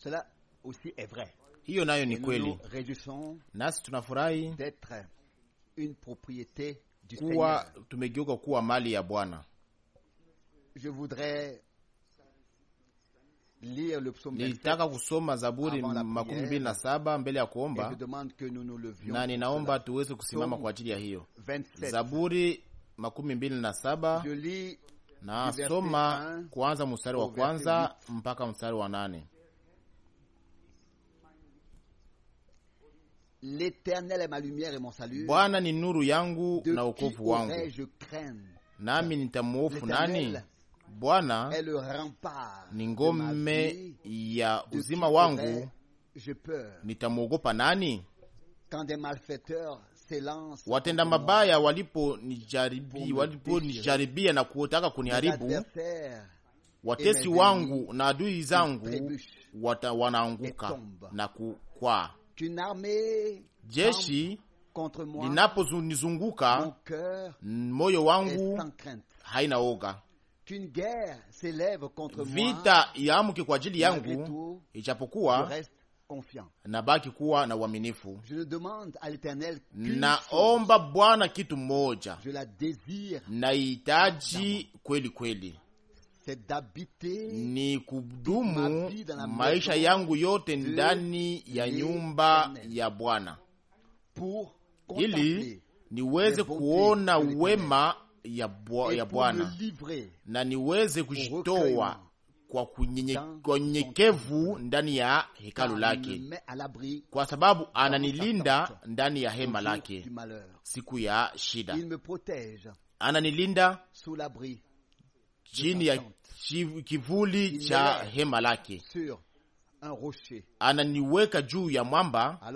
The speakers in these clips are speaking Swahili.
cela aussi est vrai. Hiyo nayo ni kweli, nasi tunafurahi kuwa tumegeuka kuwa mali ya Bwana. Nilitaka kusoma Zaburi makumi mbili na saba mbele ya kuomba, na ninaomba tuweze kusimama kwa ajili ya hiyo Zaburi makumi mbili na saba na soma kuanza mstari wa kwanza mpaka mstari wa nane. Bwana ni nuru yangu na wokovu wangu, nami nitamwofu nani? Bwana ni ngome ya uzima wangu, nitamwogopa nani? Watenda mabaya nijaribi, walipo na kuotaka kuniharibu, watesi wangu na adui zangu wanaanguka na kukwaa jeshi linapozunizunguka, moyo wangu haina oga. Vita yaamke kwa ajili yangu, ijapokuwa nabaki kuwa na uaminifu. Naomba Bwana kitu moja, naihitaji kweli kweli ni kudumu maisha yangu yote ndani ya nyumba ya Bwana ili niweze kuona wema ya Bwana na niweze kujitoa kwa kunyenyekevu ndani ya hekalu lake, kwa sababu ananilinda ndani ya hema lake siku ya shida, ananilinda chini ya kivuli cha hema lake, ananiweka juu ya mwamba.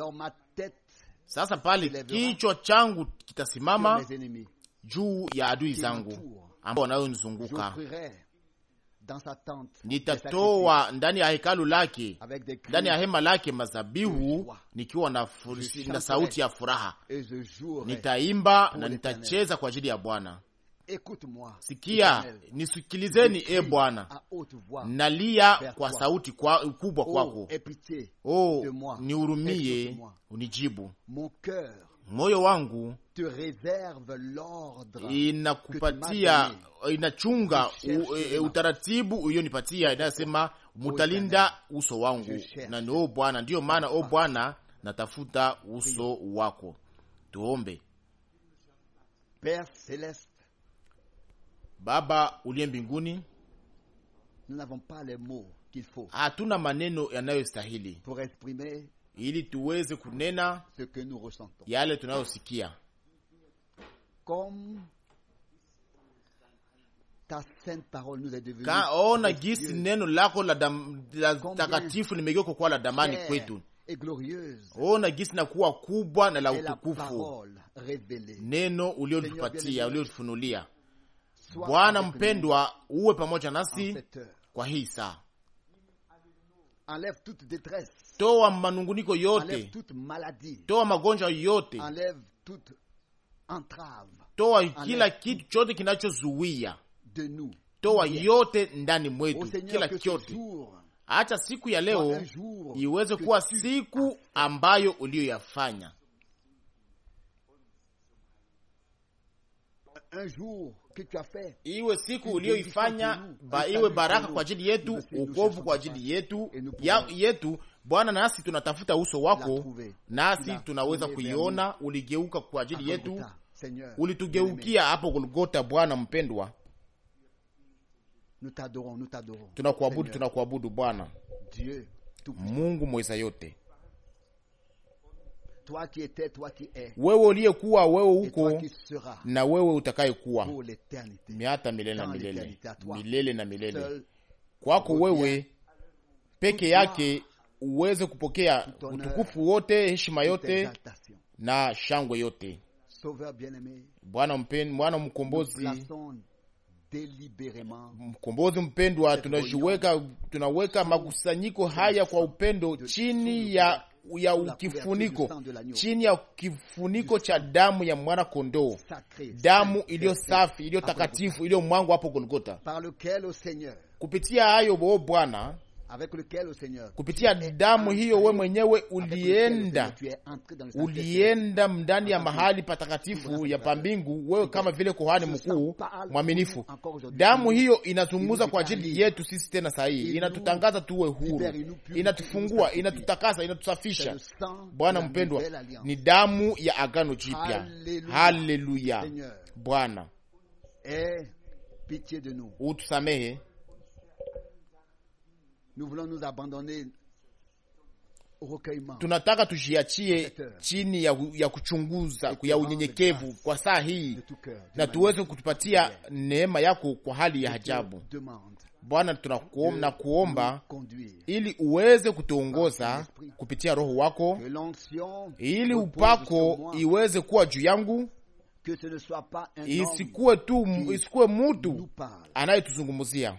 Sasa pale kichwa changu kitasimama juu ya adui zangu ambao wanayonizunguka. Nitatoa ndani ya hekalu lake, ndani ya hema lake mazabihu, nikiwa na, na sauti ya furaha. Nitaimba na nitacheza kwa ajili ya Bwana. Sikia, nisikilizeni e Bwana, nalia kwa sauti kwa, kubwa oh, kwako. Oh, nihurumie unijibu. Moyo wangu inakupatia inachunga e, e utaratibu ulionipatia inayosema, oh, mutalinda uso wangu na ni o oh, Bwana. Ndiyo maana o Bwana, natafuta uso wako. Tuombe. Père Baba uliye mbinguni, hatuna maneno yanayostahili ili tuweze kunena yale tunayosikia kaona gisi neno lako la takatifu limegeuka kuwa la damani kwetu. Ona gisi nakuwa kubwa na la utukufu, neno uliotupatia uliotufunulia Bwana mpendwa, uwe pamoja nasi uh, kwa hii saa. Toa manunguniko yote, toa magonjwa yote, toa kila kitu chote kinachozuia, toa yote ndani mwetu, kila chote. Acha siku ya leo iweze kuwa siku ambayo uliyoyafanya iwe siku uliyoifanya ba, iwe baraka kwa ajili yetu, ukovu kwa ajili yetu ya, yetu Bwana, nasi tunatafuta uso wako, nasi tunaweza kuiona. Uligeuka kwa ajili yetu, ulitugeukia hapo Golgota. Bwana mpendwa, tunakuabudu, tunakuabudu Bwana Mungu mweza yote wewe uliyekuwa, wewe uko na wewe utakayekuwa miata milele na milele, milele na milele. Kwako wewe peke yake uweze kupokea utukufu wote, heshima yote na shangwe yote. Bwana mwana mkombozi, mkombozi mpendwa, tunajiweka tunaweka makusanyiko haya kwa upendo chini ya ya kifuniko, chini ya kifuniko cha damu ya mwana kondoo, damu iliyo safi, iliyo takatifu, mwangu hapo Golgota, kupitia hayo boo Bwana kupitia damu hiyo, we mwenyewe ulienda ulienda ndani ya mahali patakatifu ya pambingu, wewe kama vile kuhani mkuu mwaminifu. Damu hiyo inazungumza kwa ajili yetu sisi tena sahihi, inatutangaza tuwe huru, inatufungua, inatutakasa, inatusafisha. Bwana mpendwa, ni damu ya agano jipya. Haleluya! Bwana utusamehe tunataka tujiachie chini ya, ya kuchunguza ya unyenyekevu kwa saa hii, na tuweze kutupatia neema yako kwa hali ya ajabu. Bwana, tunakuomba kuomba ili uweze kutuongoza kupitia Roho wako, ili upako iweze kuwa juu yangu, isikuwe tu isikuwe mutu anayetuzungumzia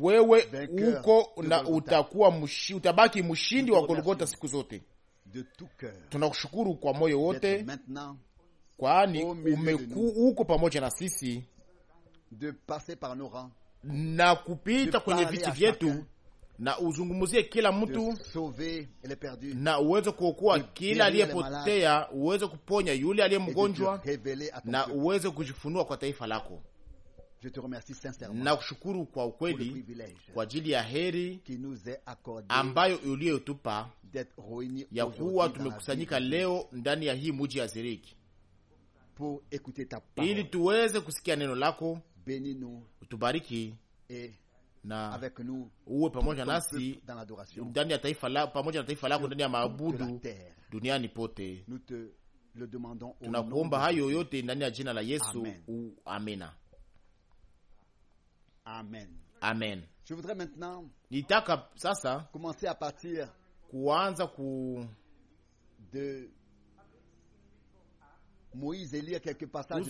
wewe uko na utakuwa mushi, utabaki mshindi wa Golgota siku zote. Tunakushukuru kwa moyo wote, kwani uko pamoja na sisi na kupita kwenye viti vyetu na uzungumuzie kila mtu na uweze kuokoa kila aliyepotea, uweze kuponya yule aliye mgonjwa, na uweze kujifunua kwa taifa lako na kushukuru kwa ukweli kwa ajili ya heri ambayo uliyotupa ya kuwa tumekusanyika leo ndani ya hii muji ya Ziriki ili tuweze kusikia neno lako. Utubariki na uwe pamoja nasi ndani ya taifa la, pamoja na taifa lako ndani ya maabudu duniani pote. Tunakuomba hayo yote ndani ya jina la Yesu. Amina. Amen. Amen. Je voudrais maintenant commencer à partir de Moïse elia quelque passage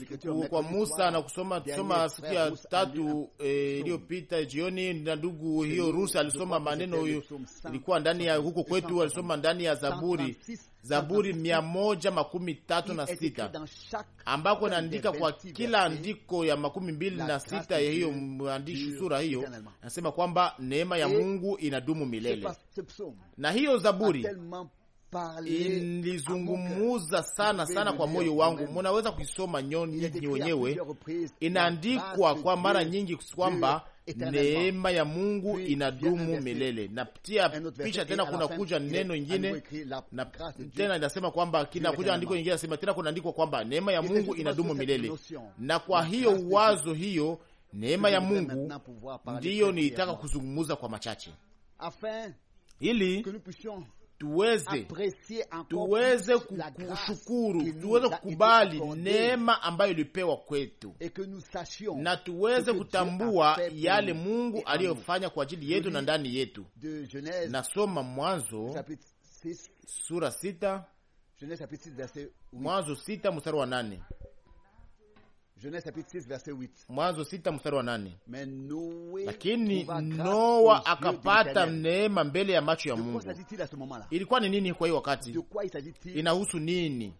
kwa Musa na kusoma kusoma siku ya tatu eh, iliyopita jioni, na ndugu hiyo Rusi alisoma maneno huyo, ilikuwa ndani ya huko kwetu, alisoma ndani ya Zaburi Zaburi mia moja makumi tatu na sita ambako naandika kwa kila andiko ya makumi mbili na sita ya hiyo mwandishi sura hiyo, nasema kwamba neema ya Mungu inadumu milele, na hiyo Zaburi ilizungumuza sana sana kwa moyo wangu. Munaweza kuisoma nyinyi wenyewe, inaandikwa kwa mara nyingi kwamba neema ya Mungu inadumu milele. Na pia picha tena, kuna kuja neno ingine na tena inasema kwamba kinakuja andiko ingine nasema tena, kuna andiko kwamba neema ya Mungu inadumu milele. Na kwa hiyo wazo hiyo neema ya Mungu ndiyo niitaka kuzungumuza kwa machache ili tuweze tuweze kushukuru, tuweze kukubali neema ambayo ilipewa kwetu, na tuweze kutambua yale Mungu aliyofanya kwa ajili yetu na ndani yetu. Nasoma Mwanzo sura sita, Mwanzo sita mstari wa nane. Mwanzo sita mstari wa nane. Lakini Noa akapata neema mbele ya macho ya Mungu. Ilikuwa ni nini? Kwa hiyo wakati inahusu nini?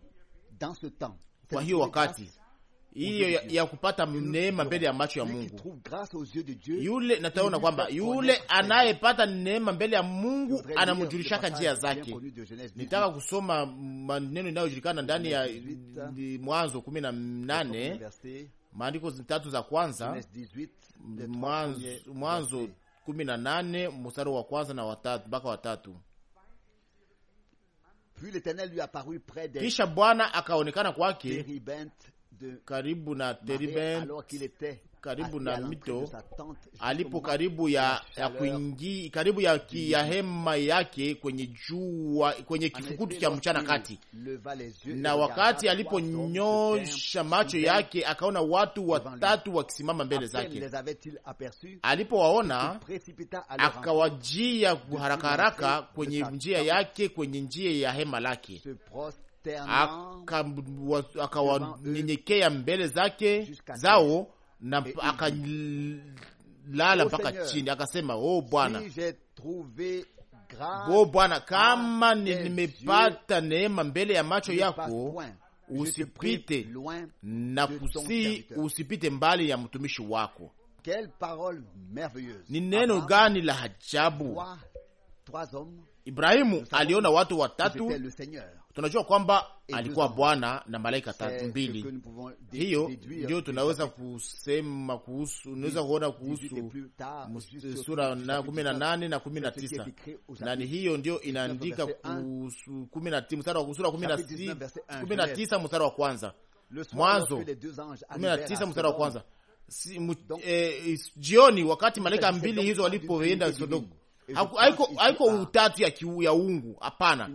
Kwa hiyo wakati hiyo ya, ya kupata neema mbele ya macho ya Mungu. Yule nataona kwamba yule anayepata neema mbele ya Mungu anamjulishaka njia zake. Nitaka kusoma maneno inayojulikana ndani ya Mwanzo kumi na nane maandiko tatu za kwanza, Mwanzo kumi na nane mstari wa kwanza na watatu mpaka watatu. Kisha Bwana akaonekana kwake karibu na Teriben, karibu na mito, alipo karibu ya ya kuingi, karibu ya, ya hema yake kwenye jua, kwenye kifukutu cha mchana kati, na wakati aliponyosha macho yake akaona watu watatu wakisimama mbele zake. Alipowaona akawajia haraka haraka kwenye njia yake, kwenye njia ya hema lake akawanyenyekea mbele zake zao na akalala mpaka chini, akasema oh Bwana, oh Bwana, kama nimepata neema mbele ya macho yako usipite na kusi, usipite mbali ya mtumishi wako. Ni neno gani la ajabu! Ibrahimu aliona watu watatu, tunajua kwamba alikuwa Bwana na malaika tatu mbili. Hiyo ndio tunaweza kusema kuhusu, unaweza kuona kuhusu sura na kumi na nane na kumi na tisa na ni hiyo ndio inaandika kuhusu sura kumi na tisa mstari wa kwanza Mwanzo kumi na tisa mstari wa kwanza eh, jioni, wakati malaika mbili hizo walipoenda Sodoma haiko utatu ya kiu, ya uungu hapana,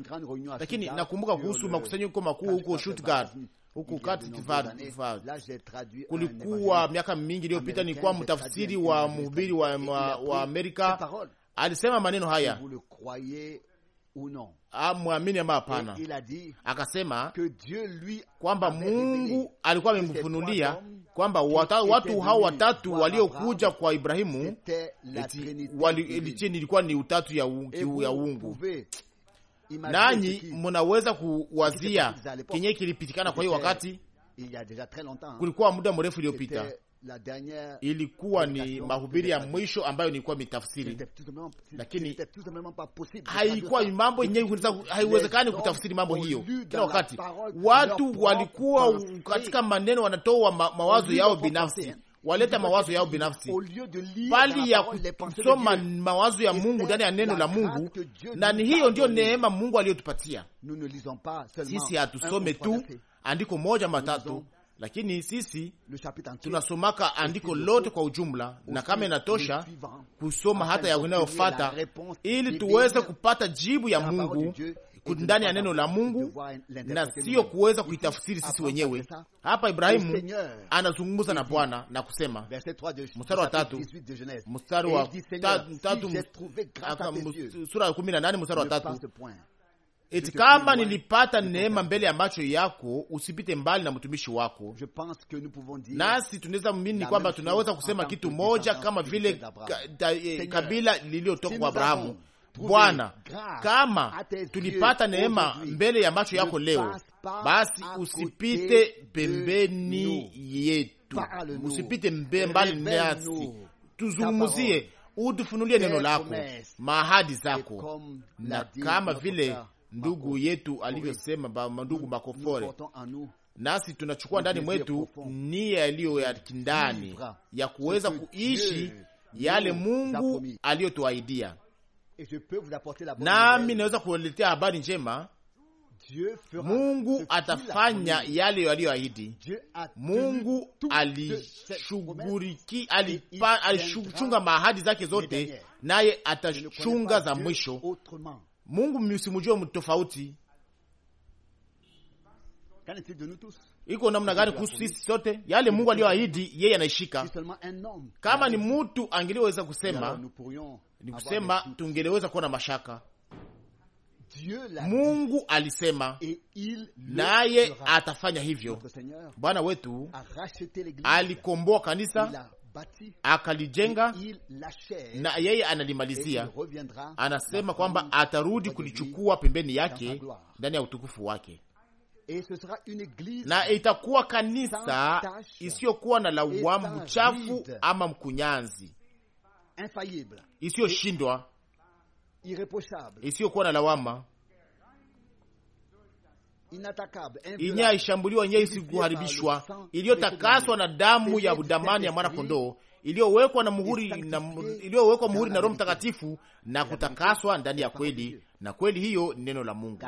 lakini nakumbuka kuhusu makusanyiko makuu huko Stuttgart huko kulikuwa miaka mingi iliyopita, kwa mtafsiri wa mhubiri wa, wa, wa Amerika alisema maneno haya amwamini ama hapana. Akasema kwamba Mungu alikuwa amemfunulia kwamba watu hao watatu waliokuja kwa Ibrahimu chini ilikuwa ni utatu ya uungu nanyi munaweza kuwazia kenye kilipitikana kwa hiyo wakati, kulikuwa muda mrefu iliyopita, ilikuwa ni mahubiri ya mwisho ambayo nilikuwa mitafsiri, lakini haikuwa mambo yenyewe, haiwezekani kutafsiri mambo hiyo kila wakati. Watu walikuwa katika maneno wanatoa ma, mawazo yao binafsi waleta mawazo yao binafsi bali ya kusoma mawazo ya Mungu ndani ya neno la Mungu, na ni hiyo ndiyo neema Mungu aliyotupatia sisi. Hatusome tu andiko moja matatu, lakini sisi tunasomaka andiko lote kwa ujumla, na kama inatosha kusoma hata ya inayofata, ili tuweze kupata jibu ya Mungu ndani ya neno la Mungu na siyo kuweza kuitafsiri sisi wenyewe. Hapa Ibrahimu anazungumza na Bwana na kusema, mstari wa tatu, mstari wa tatu, sura ya kumi na nane mstari wa tatu eti kama nilipata neema mbele ya macho yako, usipite mbali na mtumishi wako. Nasi tunaweza mini kwamba tunaweza kusema kitu moja kama vile eh, kabila liliyotoka kwa Abrahamu. Bwana, kama tulipata neema mbele ya macho yako leo, basi usipite pembeni yetu, usipite mbali nasi, tuzungumuzie, utufunulie neno lako, mahadi zako, na kama vile ndugu yetu alivyosema, ndugu Makofore, nasi tunachukua ndani mwetu nia yaliyo ya kindani ya kuweza kuishi yale Mungu aliyotuahidia, nami naweza kuwaletea habari njema. Mungu atafanya yale yaliyoahidi. Mungu alishughulikia, alichunga mahadi zake zote, naye atachunga za mwisho Mungu msimjue mtu tofauti. Iko namna gani kuhusu sisi sote? Yale Mungu aliyoahidi yeye anaishika. Kama ni mtu angeliweza kusema, ni kusema tungeliweza kuwa na mashaka. Mungu alisema naye atafanya hivyo. Bwana wetu alikomboa kanisa akalijenga na yeye analimalizia. Anasema kwamba atarudi kulichukua pembeni yake ndani ya utukufu wake, na itakuwa kanisa isiyokuwa na lawama, mchafu ama mkunyanzi, isiyoshindwa, isiyokuwa na lawama yenye ishambuliwa yenye isikuharibishwa, iliyotakaswa na damu ya damani ya kondoo iliyowekwa na muhuri na iliyowekwa muhuri na Roho Mtakatifu na kutakaswa ndani ya kweli, na kweli hiyo ni neno la Mungu,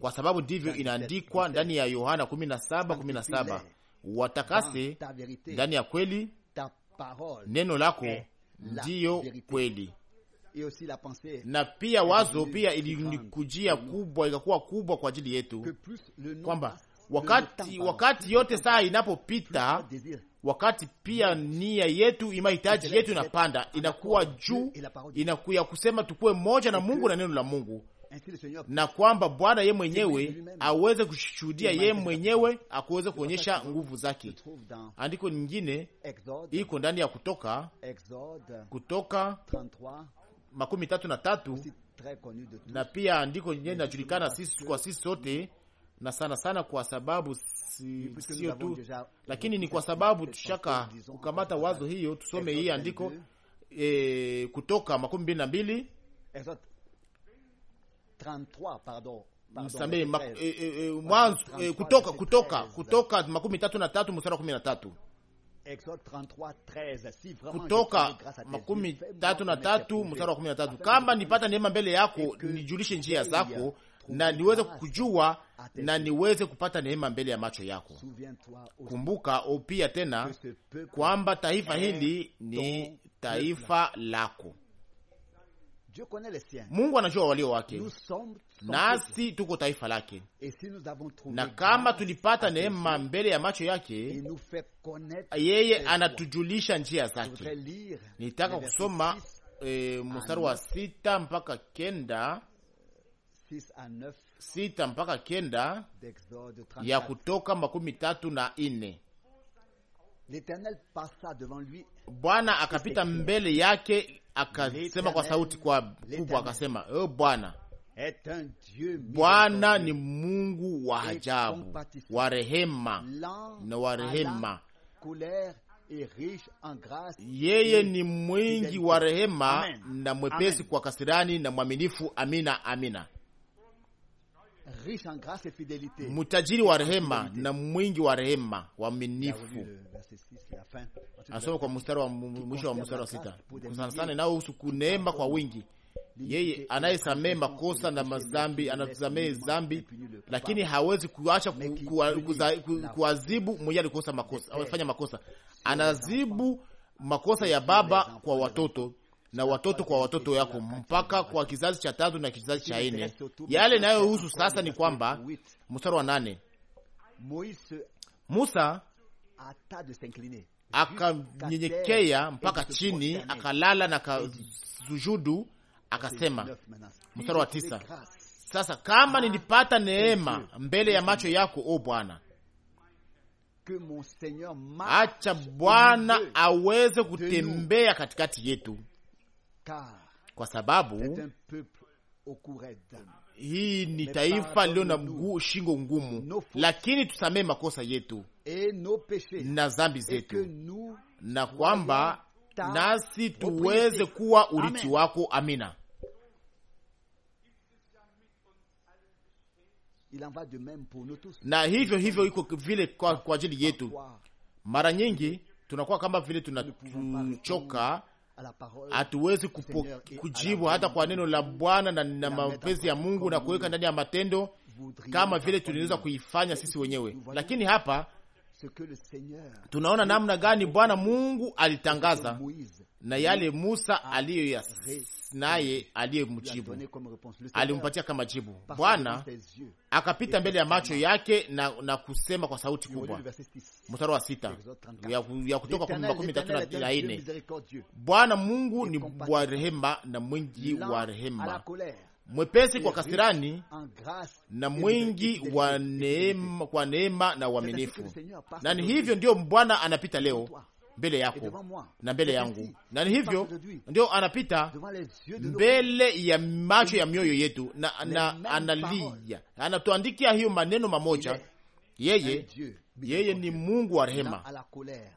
kwa sababu ndivyo yaani inaandikwa ndani ya Yohana 17:17 watakase ndani ya kweli, neno lako ndiyo kweli na pia wazo pia ilinikujia kubwa, ikakuwa kubwa kwa ajili yetu, kwamba wakati wakati yote saa inapopita, wakati pia nia yetu, imahitaji yetu inapanda, inakuwa juu, inakuya kusema tukuwe moja na Mungu na neno la Mungu na kwamba Bwana ye mwenyewe aweze kushuhudia ye mwenyewe akuweze kuonyesha nguvu zake. Andiko nyingine iko ndani ya Kutoka, Kutoka makumi tatu na tatu na pia andiko nye inajulikana sisi kwa sisi sote na sana sana kwa sababu si, sio tu lakini ni kwa sababu tushaka kukamata wazo hiyo. Tusome hii andiko e, Kutoka makumi mbili na mbili msamehe, eh, eh, Mwanzo, Kutoka, Kutoka, Kutoka makumi tatu na tatu mstari wa kumi na tatu. Kutoka makumi tatu na tatu mstari wa kumi na tatu kama nipata neema mbele yako, nijulishe njia zako na niweze kukujua na niweze kupata neema mbele ya macho yako. Kumbuka upia tena kwamba taifa hili ni taifa lako. Mungu anajua walio wake, nasi tuko taifa lake, na kama tulipata neema mbele ya macho yake, yeye anatujulisha njia zake. Nitaka kusoma e, mstari wa sita mpaka kenda sita mpaka kenda ya Kutoka makumi tatu na nne Bwana akapita mbele yake akasema kwa sauti kwa kubwa, akasema e, Bwana Bwana ni Mungu wa ajabu wa rehema na wa rehema, yeye ni mwingi wa rehema na mwepesi kwa kasirani na mwaminifu. Amina, amina mtajiri wa rehema na mwingi wa rehema, waaminifu. Anasoma kwa mstari wa mwisho wa mstari wa sita, sana sana inayohusu kuneema kwa wingi yeye anayesamee makosa na mazambi anasamee zambi, lakini hawezi kuacha kuadhibu ku, ku, mwenye alikosa makosa, amefanya makosa, anazibu makosa ya baba kwa watoto na watoto kwa watoto yako mpaka kwa kizazi cha tatu na kizazi cha nne. Yale inayohusu sasa ni kwamba, mstari wa nane, Musa akanyenyekea mpaka chini, akalala na kazujudu akasema. Mstari wa tisa, sasa kama nilipata neema mbele ya macho yako, o Bwana, acha Bwana aweze kutembea katikati yetu kwa sababu hii ni taifa liyo na mguu shingo ngumu, lakini tusamee makosa yetu na dhambi zetu, na kwamba nasi tuweze kuwa urithi wako. Amina. Na hivyo hivyo iko vile kwa ajili yetu. Mara nyingi tunakuwa kama vile tunachoka hatuwezi kujibu hata kwa neno la Bwana na, na mapenzi ya Mungu na kuweka ndani ya matendo kama vile tuliweza kuifanya sisi wenyewe, lakini hapa tunaona namna gani Bwana Mungu alitangaza na yale Musa aliyo naye aliyemjibu alimpatia kama jibu. Bwana akapita mbele ya macho yake na, na kusema kwa sauti kubwa, mstari wa sita ya, ya Kutoka makumi tatu na nne Bwana Mungu ni wa rehema na mwingi wa rehema mwepesi kwa kasirani na mwingi wa neema, kwa neema na uaminifu. Na ni hivyo ndio Bwana anapita leo mbele yako na mbele yangu, na ni hivyo ndio anapita mbele ya macho ya mioyo yetu, na analia, anatuandikia hiyo maneno mamoja. Yeye yeye ni Mungu wa rehema,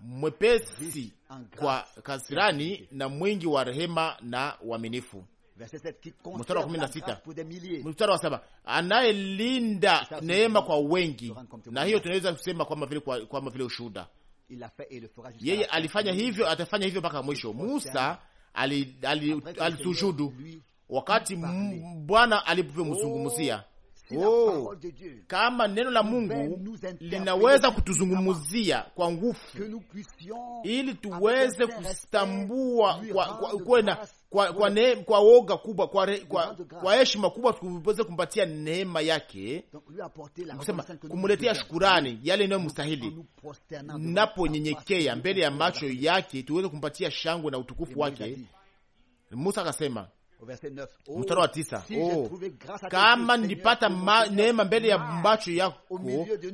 mwepesi kwa kasirani na mwingi wa rehema na uaminifu mstari wa kumi na sita wa saba anayelinda neema kwa wengi, na hiyo tunaweza kusema kwama vile kwa, vile ushuhuda. Yeye alifanya hivyo, atafanya hivyo mpaka mwisho. Musa alisujudu wakati Bwana alipomzungumzia Oh, kama neno la Mungu linaweza kutuzungumzia kwa nguvu, ili tuweze kustambua kwa, kwa, kwa, kwa, ne, kwa kubwa kwa heshima kwa, kubwa tuweze kumpatia neema yake, kusema kumletea shukurani yale inayomstahili, naponyenyekea mbele ya macho yake tuweze kumpatia shangwe na utukufu wake. Musa akasema Oh, mstari wa tisa. Oh, kama nilipata neema mbele ya macho yako,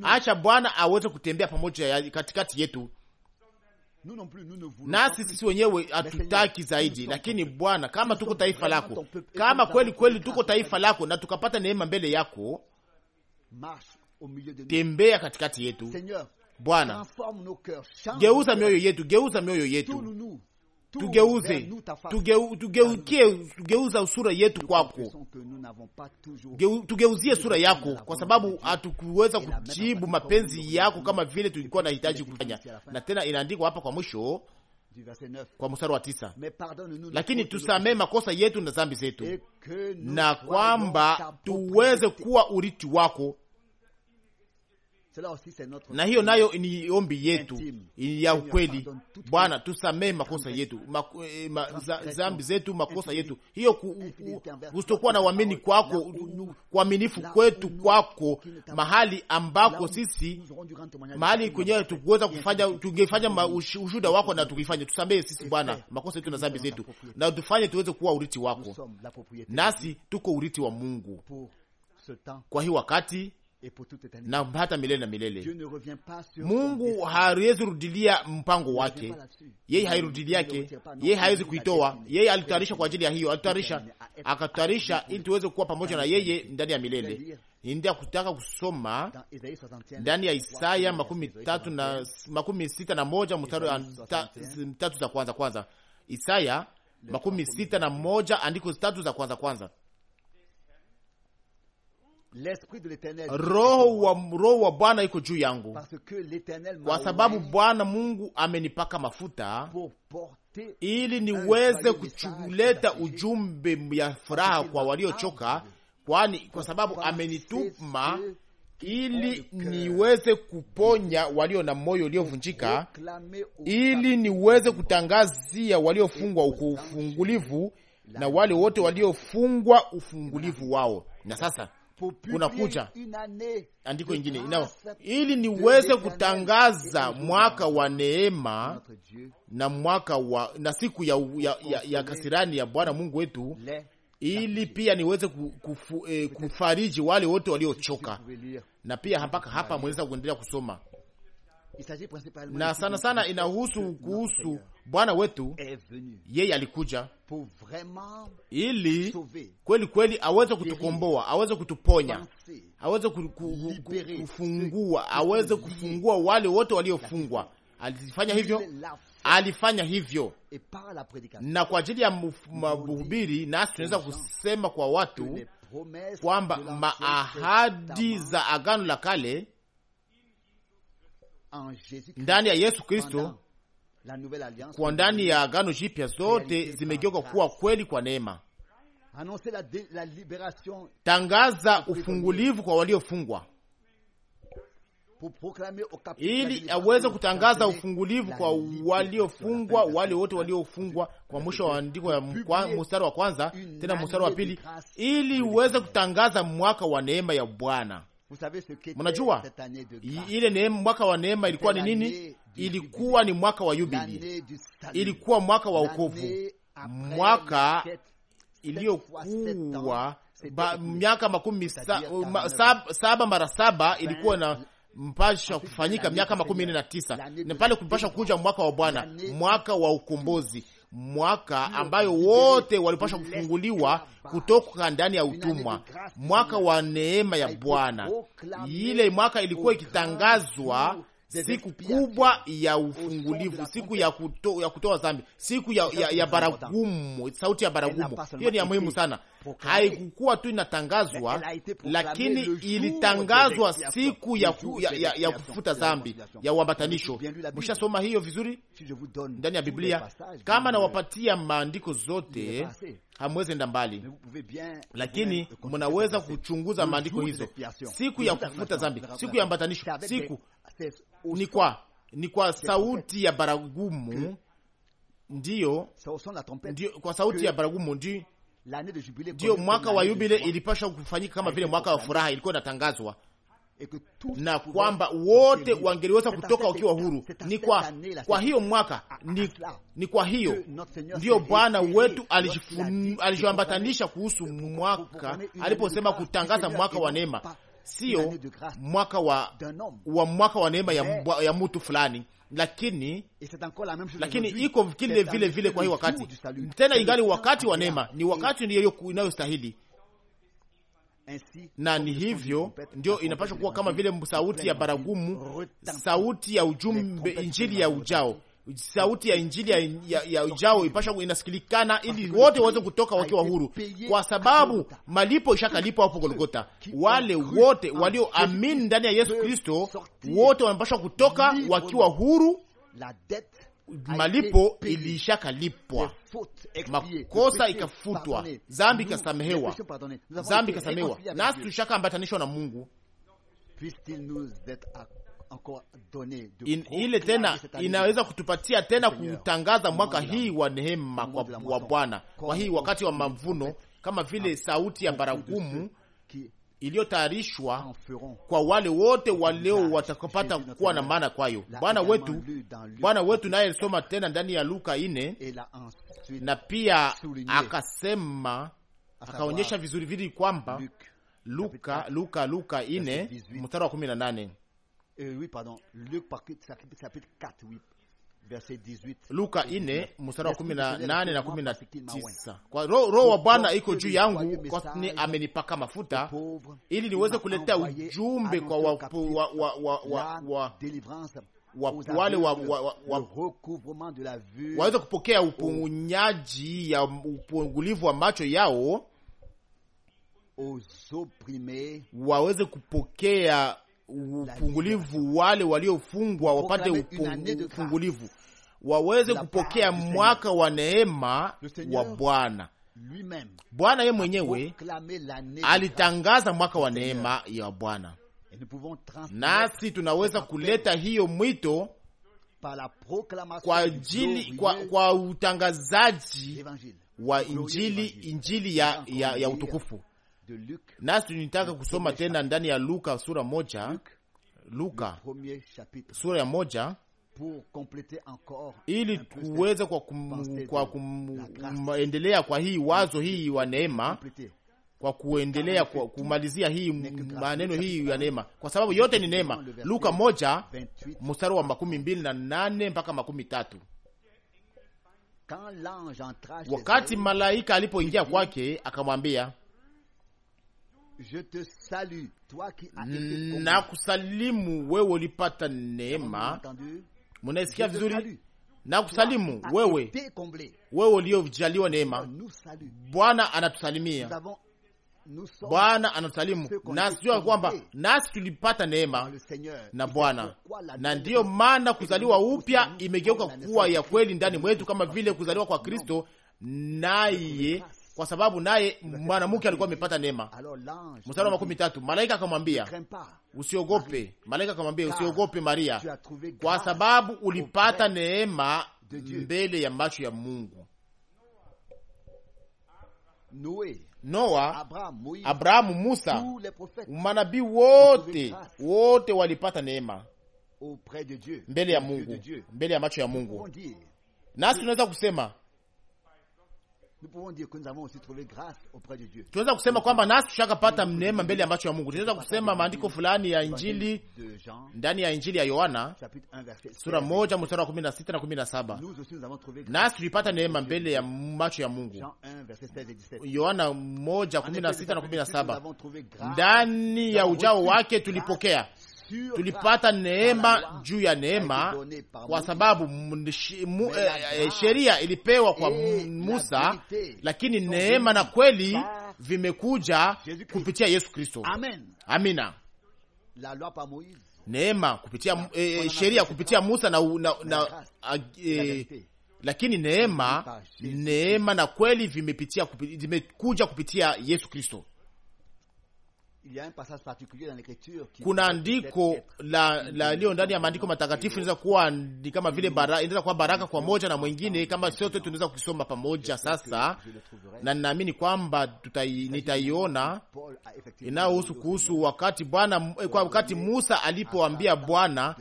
acha Bwana aweze kutembea pamoja katikati yetu. Nasi sisi wenyewe hatutaki zaidi, lakini Bwana, kama tuko taifa lako, kama kweli kweli tuko taifa lako na tukapata neema mbele yako, tembea katikati yetu Bwana, geuza mioyo yetu, geuza mioyo yetu tugeuze tugeukie tugeuza sura yetu kwako, tugeuzie sura yako, kwa sababu hatukuweza kujibu mapenzi yako kama vile tulikuwa nahitaji kufanya. Na tena inaandikwa hapa kwa mwisho kwa mstari wa tisa, lakini tusamee makosa yetu na dhambi zetu, na kwamba tuweze kuwa urithi wako na hiyo nayo ni ombi yetu ya ukweli. Bwana, tusamee makosa yetu eh, zambi zetu makosa yetu, hiyo kustokuwa na uamini kwako, kuaminifu kwetu kwako, mahali ambako sisi, mahali kwenyewe tukuweza kufanya, tungefanya ushuda wako na tukifanya. Tusamee sisi Bwana makosa yetu na zambi zetu, na tufanye tuweze kuwa urithi wako, nasi tuko urithi wa Mungu kwa hii wakati na hata milele na milele. Mungu hawezi rudilia mpango wake, yeye hairudili yake, yeye hawezi kuitoa. Yeye alitutayarisha kwa ajili ya hiyo, alitutayarisha akatarisha ili tuweze kuwa pamoja na yeye ndani ya milele. Ndio kutaka kusoma ndani ya Isaya makumi tatu na makumi sita na moja mstari tatu za kwanza kwanza, Isaya makumi sita na moja andiko tatu za kwanza kwanza Roho wa, roho wa Bwana iko juu yangu kwa sababu Bwana Mungu amenipaka mafuta ili niweze kuleta ujumbe ya furaha kwa waliochoka, kwani kwa sababu amenituma ili niweze kuponya walio na moyo uliovunjika, ili niweze kutangazia waliofungwa ufungulivu na wale wote waliofungwa ufungulivu wao. Na sasa unakuja. Andiko ingine inao ili niweze kutangaza mwaka wa neema na mwaka wa na siku ya, ya, ya, ya kasirani ya Bwana Mungu wetu, ili pia niweze kufu, eh, kufariji wale wote waliochoka. Na pia mpaka hapa mweza kuendelea kusoma na sana sana inahusu kuhusu Bwana wetu. Yeye alikuja ili kweli kweli aweze kutukomboa, aweze kutuponya, aweze kufungua, aweze kufungua wale wote waliofungwa. Alifanya hivyo, alifanya hivyo, na kwa ajili ya mahubiri, nasi tunaweza kusema kwa watu kwamba maahadi za Agano la Kale ndani ya Yesu Kristo, kwa ndani ya agano jipya, zote zimegeuka kuwa kweli kwa neema. Tangaza ufungulivu kwa waliofungwa, ili aweze kutangaza ufungulivu kwa waliofungwa, wale wote waliofungwa, kwa mwisho wa andiko ya mstari wa kwanza tena mstari wa pili, ili uweze kutangaza mwaka wa neema ya Bwana. Mnajua ile neema, mwaka wa neema ilikuwa ni nini? Ilikuwa ni mwaka wa yubili, ilikuwa mwaka wa ukovu, mwaka iliyokuwa miaka makumi saba mara saba ilikuwa na mpasha kufanyika miaka makumi nne na tisa ni pale kupasha kuja mwaka wa Bwana, mwaka wa ukombozi, mwaka ambayo wote walipashwa kufunguliwa kutoka ndani ya utumwa, mwaka wa neema ya Bwana. Ile mwaka ilikuwa ikitangazwa siku kubwa ya ufungulivu, siku ya, kuto, ya kutoa dhambi, siku ya, ya, ya baragumu, sauti ya baragumu. Hiyo ni ya muhimu sana. Haikukuwa tu inatangazwa, lakini ilitangazwa siku ya, ku, ya, ya, ya kufuta dhambi ya uambatanisho. Mshasoma hiyo vizuri ndani ya Biblia. Kama nawapatia maandiko zote hamwezi enda mbali, lakini mnaweza kuchunguza maandiko hizo, siku ya kufuta dhambi, siku ya ambatanisho, siku ni kwa ni kwa sauti ya baragumu ndiyo, ndiyo, kwa sauti ya baragumu ndiyo mwaka wa yubile ilipasha kufanyika kama vile mwaka wa furaha ilikuwa inatangazwa na kwamba wote wangeliweza kutoka wakiwa huru. Ni kwa, kwa hiyo mwaka ni, ni kwa hiyo ndiyo Bwana wetu alijiambatanisha kuhusu mwaka aliposema kutangaza mwaka wa neema, sio mwaka wa, wa mwaka wa neema ya, ya mtu fulani lakini lakini iko vile vile vile. Kwa hii wakati tena ingali wakati wa neema, ni wakati inayostahili, na ni hivyo ndio inapaswa kuwa kama vile sauti ya baragumu, sauti ya ujumbe, injili ya ujao sauti ya injili ya, ya, ya ujao ipasha inasikilikana, ili wote waweze kutoka wakiwa huru, kwa sababu malipo ishakalipo hapo Golgota. Wale wote walioamini ndani ya Yesu Kristo, wote wanapasha kutoka wakiwa huru. Malipo ilishakalipwa, makosa ikafutwa, zambi ikasamehewa, zambi ikasamehewa, nasi tushakaambatanishwa na Mungu ile tena inaweza kutupatia tena kutangaza mwaka hii wa neema wa Bwana kwa hii wakati wa mavuno, kama vile sauti ya baragumu iliyotayarishwa kwa wale wote waleo watakapata kuwa na maana kwayo. Bwana wetu, Bwana wetu naye alisoma tena ndani ya Luka ine, na pia akasema akaonyesha vizuri vili kwamba Luka, Luka, Luka ine mstari wa kumi na nane Euh, oui, pardon. Luc, chapitre 4, oui. Verset 18. Luka ine mstari wa 18 na tisa. Kwa roho wa Bwana iko juu yangu, kwa ni amenipaka mafuta ili niweze kuletea ujumbe kwa wa, wa, wa, wa, wa, wa wale waweze kupokea uponyaji ya upungulivu wa macho yao, waweze kupokea upungulivu, wale waliofungwa wapate upungulivu, waweze kupokea mwaka wa neema wa Bwana. Bwana ye mwenyewe alitangaza mwaka wa neema ya Bwana, nasi tunaweza kuleta hiyo mwito kwa ajili kwa, kwa utangazaji wa injili, injili ya, ya, ya utukufu Nasi tunitaka kusoma tena ndani ya Luka sura moja, Luka sura ya moja ili kuweza kwa kuendelea kwa, kwa hii wazo hii wa neema kwa kuendelea kwa kumalizia hii maneno hii ya neema, kwa sababu yote ni neema. Luka moja mstari wa makumi mbili na nane mpaka makumi tatu. Wakati malaika alipoingia kwake akamwambia na kusalimu wewe ulipata neema. Munaisikia vizuri? Na kusalimu wewe, wewe uliojaliwa neema. Bwana anatusalimia, Bwana anatusalimu, nasijua kwamba nasi tulipata neema na Bwana, na ndiyo maana kuzaliwa upya imegeuka kuwa ya kweli ndani mwetu, kama vile kuzaliwa kwa Kristo naye kwa sababu naye mwanamke alikuwa amepata neema. Mstari wa makumi tatu, malaika akamwambia usiogope. Malaika akamwambia usiogope Maria, kwa sababu ulipata neema mbele ya macho ya Mungu. Noa, Abrahamu, Musa, manabii wote wote walipata neema mbele ya Mungu, mbele ya macho ya Mungu. Nasi tunaweza kusema Tunaweza kusema kwamba nasi tushakapata mnema mbele ya macho ya Mungu. Tunaweza kusema maandiko fulani ya Injili ndani ya Injili ya Yohana sura moja mstari wa kumi na sita na kumi na saba nasi tulipata neema mbele ya macho ya Mungu. Yohana moja kumi na sita na kumi na saba ndani ya ujao wake tulipokea tulipata neema juu ya neema, kwa sababu eh, eh sheria ilipewa kwa Musa, eh, lakini neema na kweli vimekuja kupitia Yesu Kristo. Amina. Neema kupitia eh, sheria kupitia Musa na, na, na eh, lakini neema neema na kweli vimepitia, vimekuja kupitia Yesu Kristo kuna andiko la la lio ndani ya maandiko matakatifu inaweza kuwa ni kama vile bara, inaweza kuwa baraka kwa moja na mwingine, kama sote tunaweza kusoma pamoja sasa, na ninaamini kwamba nitaiona inayohusu kuhusu wakati Bwana eh, kwa wakati Musa alipoambia Bwana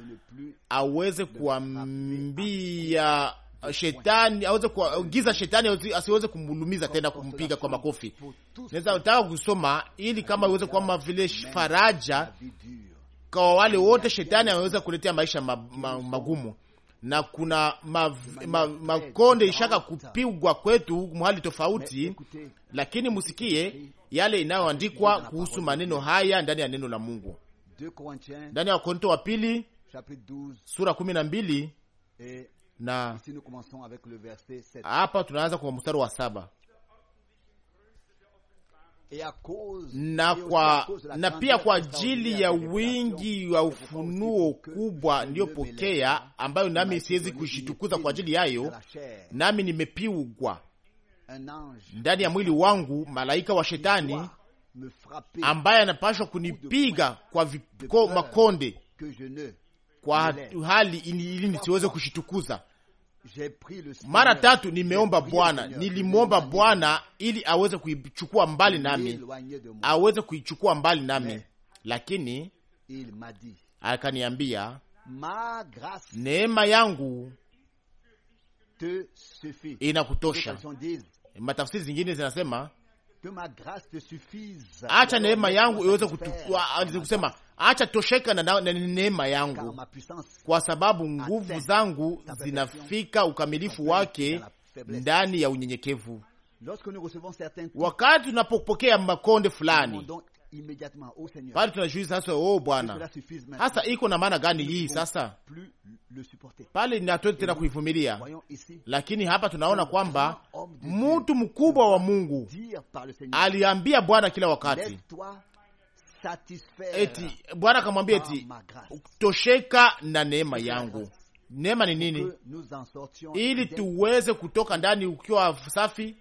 aweze kuambia shetani aweze kuagiza shetani asiweze kumulumiza tena kumpiga kwa makofi. Naweza nataka kusoma ili kama iweze kuwa vile faraja kwa wale wote shetani anaweza kuletea maisha ma, ma, magumu na kuna ma, ma, makonde ishaka kupigwa kwetu mahali tofauti, lakini musikie yale inayoandikwa kuhusu maneno haya ndani ya neno la Mungu ndani ya Wakorinto wa pili sura kumi na mbili na hapa tunaanza kwa mstari wa saba na, kwa, na pia kwa ajili ya wingi wa ufunuo kubwa niliyopokea ambayo nami siwezi kushitukuza kwa ajili yayo, nami nimepiugwa ndani ya mwili wangu malaika wa Shetani ambaye anapashwa kunipiga kwa viko, makonde kwa hali ili nisiweze kushitukuza. Mara tatu nimeomba Bwana, nilimwomba Bwana ili aweze kuichukua mbali nami, aweze kuichukua mbali nami, lakini akaniambia neema yangu inakutosha. Matafsiri zingine zinasema acha neema yangu iweze kusema acha tosheka na neema yangu, kwa sababu nguvu zangu zinafika ukamilifu wake ndani ya unyenyekevu. Wakati tunapopokea makonde fulani oh pale tunajuiza sasa, oh Bwana, hasa iko na maana gani hii sasa? Pale inatwezi tena kuivumilia, lakini hapa tunaona kwamba mtu mkubwa wa Mungu aliambia Bwana kila wakati, eti Bwana akamwambia eti tosheka na neema yangu. Neema ni nini? Ili tuweze kutoka ndani ukiwa safi,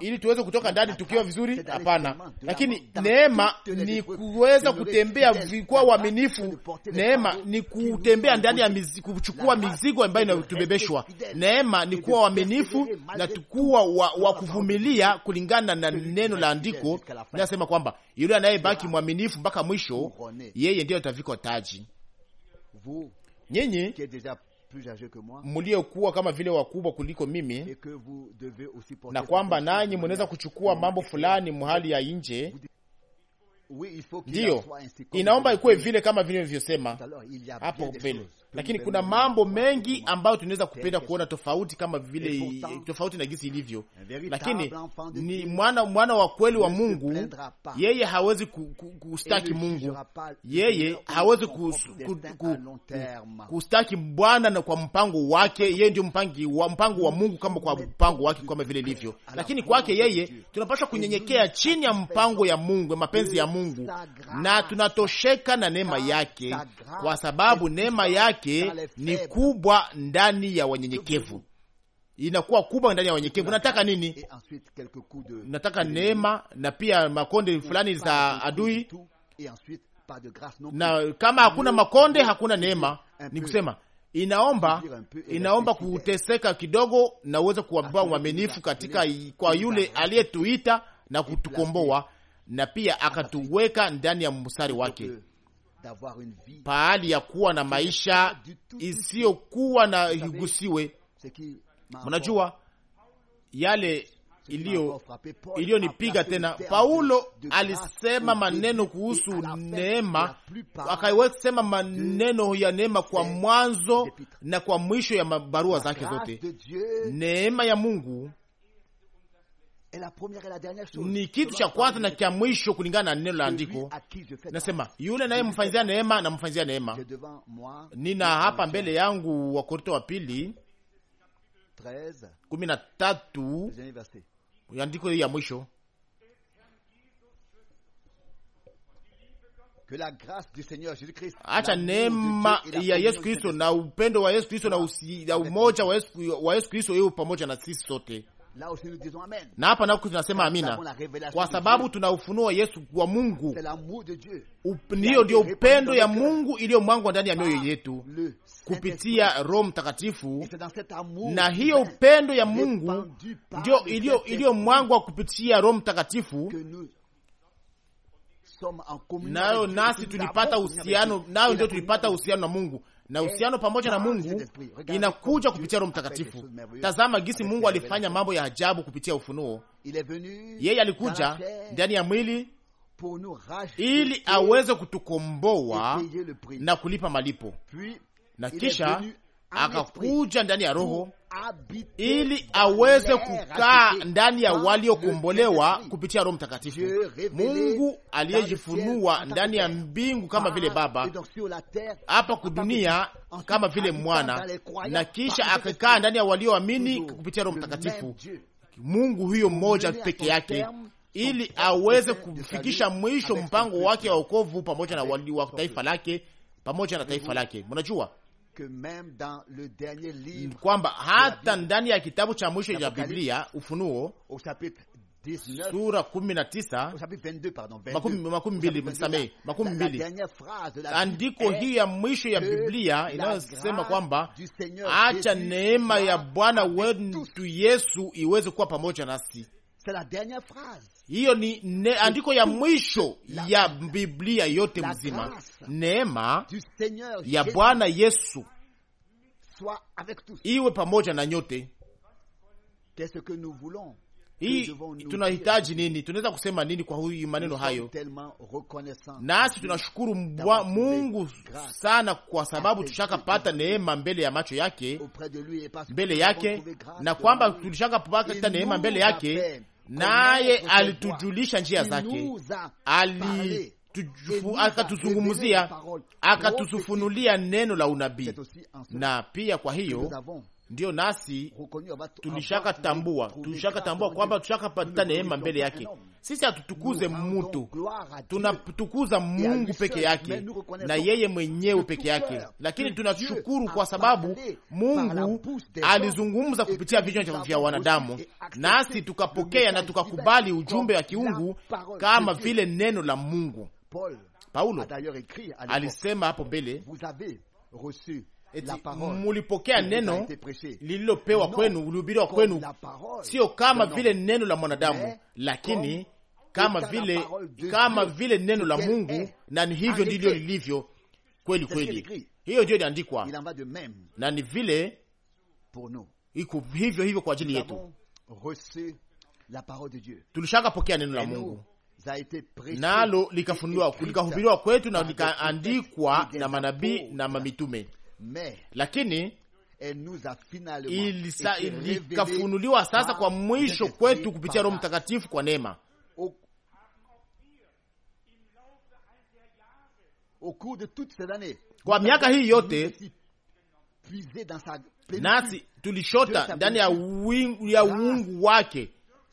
ili tuweze kutoka ndani tukiwa vizuri? Hapana, lakini neema ni kuweza kutembea kwa uaminifu. Neema ni kutembea ndani ya mizi, kuchukua mizigo ambayo inatubebeshwa. Neema ni kuwa waaminifu na tukuwa wa, wa kuvumilia kulingana na neno la andiko linasema kwamba yule anayebaki mwaminifu mpaka mwisho, yeye ndiyo atavikwa taji. Nyinyi mliokuwa kama vile wakubwa kuliko mimi, na kwamba nanyi mnaweza kuchukua mambo fulani mhali ya nje. Ndiyo, inaomba ikuwe vile kama vile nilivyosema hapo mbele lakini kuna mambo mengi ambayo tunaweza kupenda kuona tofauti kama vile tofauti na gisi ilivyo, lakini ni mwana mwana wa kweli wa Mungu, yeye hawezi kustaki Mungu, yeye hawezi kustaki Bwana na kwa mpango wake. Yeye ndio mpangi wa mpango wa Mungu kama kwa mpango wake kama vile ilivyo, lakini kwake yeye tunapaswa kunyenyekea chini ya mpango ya Mungu, mapenzi ya Mungu, na tunatosheka na neema yake, kwa sababu neema yake yake ni kubwa ndani ya wanyenyekevu, inakuwa kubwa ndani ya wanyenyekevu. Nataka nini? Nataka neema na pia makonde fulani za adui, na kama hakuna makonde hakuna neema. Ni kusema inaomba inaomba kuteseka kidogo, na uweze kuwabeba mwaminifu katika kwa yule aliyetuita na kutukomboa, na pia akatuweka ndani ya mstari wake pahali ya kuwa na maisha isiyokuwa na igusiwe. Mnajua yale iliyo iliyonipiga tena. Paulo alisema maneno kuhusu neema, akaiwesema maneno ya neema kwa mwanzo na kwa mwisho ya barua zake zote. Neema ya Mungu ni kitu cha kwanza na cha mwisho kulingana na neno la andiko. Nasema yule naye mfanyizia neema na mfanyizia neema. Nina hapa mbele yangu Wakorinto wa pili kumi na tatu andiko hii ya mwisho Acha neema ya Yesu Kristo na upendo wa Yesu Kristo na umoja wa Yesu Kristo iwe pamoja na sisi sote na hapa nako tunasema amina, kwa sababu tunaufunua Yesu wa Mungu. Hiyo ndio upendo ya Mungu iliyomwangwa ndani ya mioyo yetu kupitia Roho Mtakatifu, na hiyo upendo ya Mungu ndio iliyomwangwa kupitia Roho Mtakatifu nayo nasi tulipata uhusiano, nayo ndio tulipata uhusiano na Mungu na eh, uhusiano pamoja na Mungu inakuja kupitia Roho Mtakatifu. Tazama gisi Mungu alifanya mambo ya ajabu kupitia ufunuo. Yeye alikuja ndani ya mwili ili aweze kutukomboa na kulipa malipo, na kisha akakuja ndani ya roho ili aweze kukaa ndani ya waliokombolewa kupitia Roho Mtakatifu. Mungu aliyejifunua ndani ya mbingu kama vile Baba hapa kudunia kama vile Mwana, na kisha akakaa ndani ya walioamini kupitia Roho Mtakatifu. Mungu huyo mmoja peke yake ili aweze kufikisha mwisho mpango wake wa wokovu pamoja na wali wa taifa lake, pamoja na taifa lake. Mnajua kwamba hata ndani ya kitabu cha mwisho cha Biblia Ufunuo sura kumi na tisa makumi mbili makumi mbili andiko hii ya mwisho ya Biblia inayosema kwamba acha neema ya Bwana wetu Yesu iweze kuwa pamoja nasi hiyo ni ne, andiko ya mwisho ya Biblia yote mzima. Neema ya Bwana Yesu iwe pamoja na nyote. Hii tunahitaji nini? Tunaweza kusema nini kwa huyu maneno hayo? Nasi tunashukuru Mungu sana kwa sababu tushakapata neema mbele ya macho yake, mbele yake, na kwamba tulishakapata neema mbele yake naye alitujulisha njia zake, akatuzungumzia, akatusufunulia neno la unabii, na pia kwa hiyo Ndiyo nasi tulishaka tambua, tulishaka tambua kwamba tushaka pata neema mbele yake. Sisi hatutukuze mtu, tunatukuza Mungu peke yake na yeye mwenyewe peke yake, lakini tunashukuru kwa sababu Mungu alizungumza kupitia vinywa vya wanadamu, nasi tukapokea na tukakubali ujumbe wa kiungu kama vile neno la Mungu. Paulo alisema hapo mbele mulipokea neno lililopewa kwenu, lilihubiriwa kwenu, sio kama vile neno la mwanadamu, lakini kama vile kama vile neno la Mungu, na ni hivyo ndivyo lilivyo kweli kweli. Hiyo ndiyo iliandikwa, na ni vile iko hivyo hivyo kwa ajili yetu. Tulishaka pokea neno la Mungu nalo likafunuliwa likahubiriwa kwetu na likaandikwa na manabii na mamitume lakini ilikafunuliwa sasa kwa mwisho kwetu kupitia Roho Mtakatifu kwa neema. Kwa miaka hii yote nasi tulishota ndani ya uungu wake,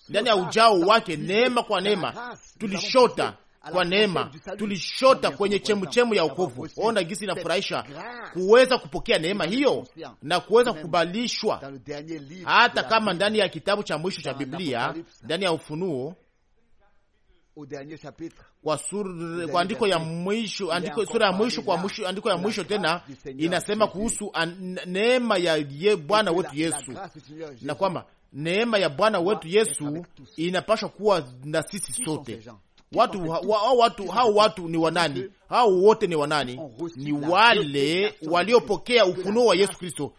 ndani ya ujao wake, neema kwa neema tulishota kwa neema tulishota kwenye chemuchemu ya ukovu. Ona gisi inafurahisha kuweza kupokea neema hiyo na kuweza kukubalishwa, hata kama ndani ya kitabu cha mwisho cha Biblia, ndani ya Ufunuo kwa, kwa andiko ya mwisho andiko, sura ya mwisho kwa mwisho, andiko ya mwisho tena inasema kuhusu neema ya ye Bwana wetu Yesu, na kwamba neema ya Bwana wetu Yesu inapaswa kuwa na sisi sote watu hao wa, watu, hao watu ni wanani? Hao wote ni wanani? Ni wale waliopokea ufunuo wa Yesu Kristo.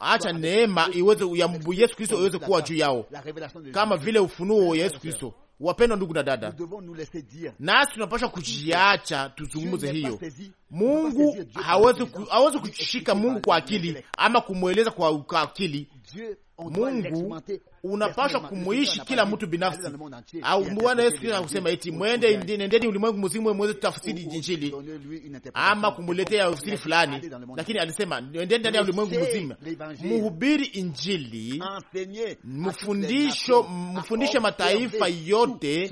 Acha neema iweze ya Yesu Kristo iweze kuwa juu yao kama vile ufunuo wa Yesu Kristo. Wapendwa ndugu na dada, nasi tunapasha kujiacha tuzungumze hiyo. Mungu hawezi kushika Mungu kwa akili ama kumweleza kwa akili. Mungu unapasha kumuishi kila mtu binafsi. Au Bwana Yesu Kristo anakusema eti mwende, nendeni ulimwengu mzima mweze tafsiri Injili, ama kumuletea tafsiri fulani, lakini alisema nendeni ndani ya ulimwengu mzima, muhubiri Injili, mfundishe mataifa yote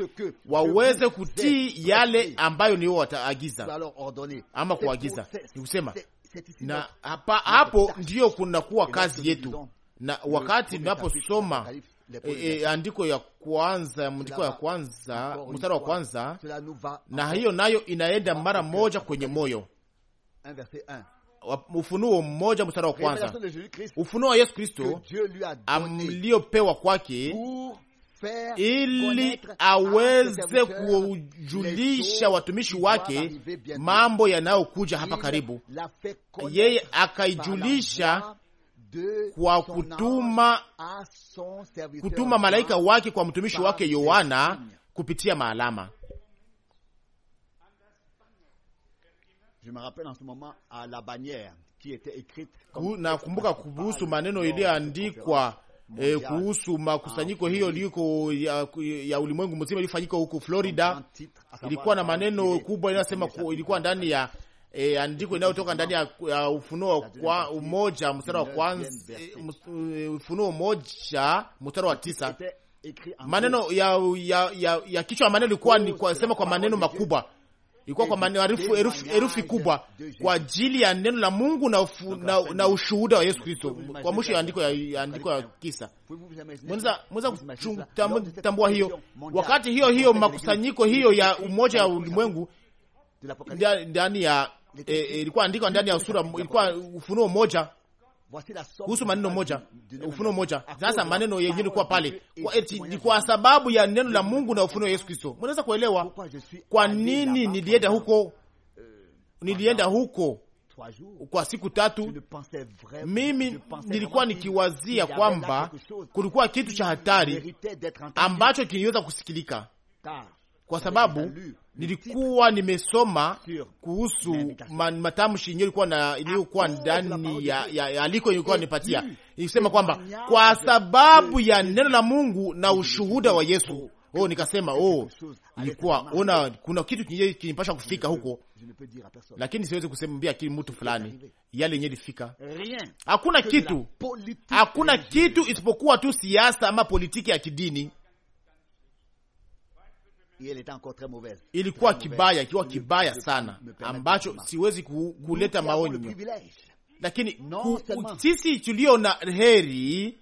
waweze kutii yale ambayo niwo wataagiza ama kuagiza. kusema na hapa hapo ndiyo kunakuwa kazi yetu na wakati ninaposoma E, e, andiko ya kwanza andiko ya kwanza mstari wa kwanza, na hiyo nayo inaenda mara moja kwenye moyo. Ufunuo mmoja mstari wa kwanza, ufunuo wa Yesu Kristo aliyopewa kwake ili aweze kujulisha watumishi wake mambo yanayokuja hapa karibu. Yeye akaijulisha kwa kutuma kutuma malaika wake kwa mtumishi wake Yohana kupitia maalama. Nakumbuka kuhusu maneno iliyoandikwa eh, kuhusu makusanyiko hiyo liko ya, ya ulimwengu mzima ilifanyika huko Florida. Ilikuwa na maneno kubwa inayosema, ilikuwa ndani ya E, andiko inayotoka ndani ya ya Ufunuo kwa umoja mstari wa kwanza, e, Ufunuo moja mstari wa tisa. Maneno ya ya ya, ya kichwa maneno ilikuwa ni kwa sema kwa maneno makubwa, ilikuwa kwa maneno herufi herufi kubwa kwa ajili ya neno la Mungu na ufu, na, na ushuhuda wa Yesu Kristo. Kwa mwisho ya andiko ya andiko ya kisa, mwanza mwanza kutambua hiyo wakati hiyo hiyo makusanyiko hiyo ya umoja wa ulimwengu ndani ya Eh, eh, ilikuwa andikwa ndani ya sura, ilikuwa Ufunuo moja kuhusu maneno moja, Ufunuo moja. Sasa maneno yenyewe ilikuwa pale kwa, eti, ni kwa sababu ya neno la Mungu na ufunuo wa Yesu Kristo. Mnaweza kuelewa kwa nini nilienda huko, nilienda huko kwa eh, siku tatu. Mimi nilikuwa nikiwazia kwamba kulikuwa kitu cha hatari ambacho kiliweza kusikilika, kwa sababu nilikuwa nimesoma kuhusu matamshi yenyewe ilikuwa na ah, iliyokuwa oh, ndani ya, ya, ya aliko ilikuwa nipatia ikisema kwamba kwa sababu ya neno la Mungu na ushuhuda wa Yesu. Oh, nikasema oh, ilikuwa ona kuna kitu kinipasha kufika huko, lakini siwezi kusemambia kile mtu fulani yale yenyewe ilifika. Hakuna kitu, hakuna kitu isipokuwa tu siasa ama politiki ya kidini ilikuwa kibaya, ikiwa kibaya sana ambacho siwezi kuleta maonyo, lakini sisi tulio na heri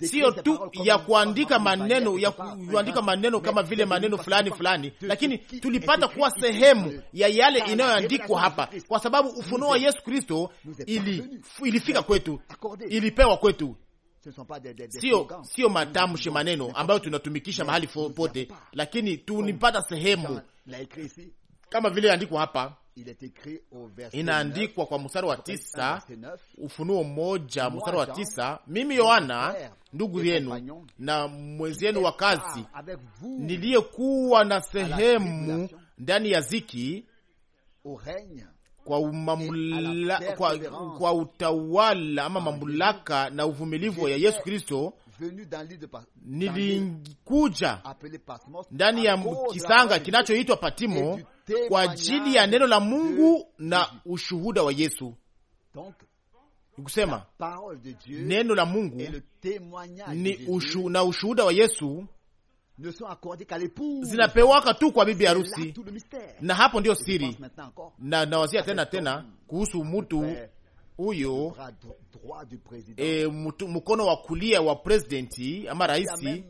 siyo tu ya kuandika maneno ya kuandika maneno kama vile maneno fulani fulani, lakini tulipata kuwa sehemu ya yale inayoandikwa hapa, kwa sababu ufunuo wa Yesu Kristo ilifika kwetu, ilipewa kwetu sio sio matamshi maneno ambayo tunatumikisha mahali popote, lakini tunipata sehemu kama vile andikwa hapa inaandikwa kwa mstari wa tisa Ufunuo moja mstari wa tisa mimi Yohana ndugu yenu na mwenzi yenu wa kazi, niliyekuwa na sehemu ndani ya ziki kwa, umamula, kwa, kwa utawala ama mamlaka na uvumilivu ya Yesu Kristo nilikuja ndani ya kisanga kinachoitwa Patimo kwa ajili ya neno la Mungu na ushuhuda wa Yesu. Nikusema neno la Mungu ni ushu, na ushuhuda wa Yesu zinapewaka tu kwa bibi harusi, na hapo ndio siri. Na nawazia tena tena kuhusu mtu huyo e, mkono wa kulia wa presidenti ama raisi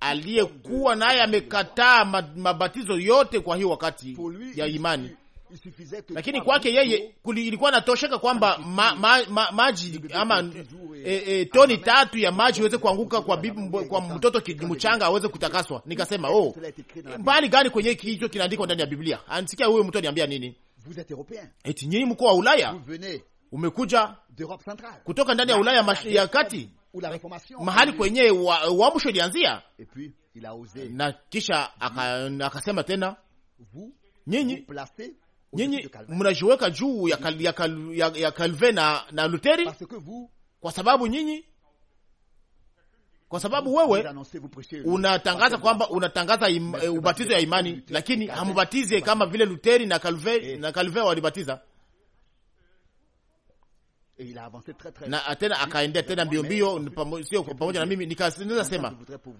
aliyekuwa naye amekataa mabatizo yote kwa hiyo wakati ya imani lakini kwake yeye ilikuwa natosheka kwamba ma, ma, ma, maji ama e, e, toni tatu ya maji iweze kuanguka kwa bibi, kwa mtoto mchanga aweze kutakaswa. Nikasema oh, mbali gani kwenye kicho kinaandikwa ndani ya Biblia? Ansikia huyo mtu aniambia nini? Eti nyinyi mko wa Ulaya, umekuja kutoka ndani ya Ulaya ya kati mahali kwenye uamsho ilianzia, na kisha akasema aka tena nyinyi nyinyi mnajiweka juu ya, kal, ya, kal, ya, ya Calvin na, na Luteri kwa sababu nyinyi kwa sababu wewe unatangaza kwamba unatangaza im, e, ubatizo ya imani, lakini hamubatize kama vile Luteri na Calvin eh. na Calvin walibatiza na tena akaendea tena mbio mbio, sio pamoja na mimi. Nikaweza sema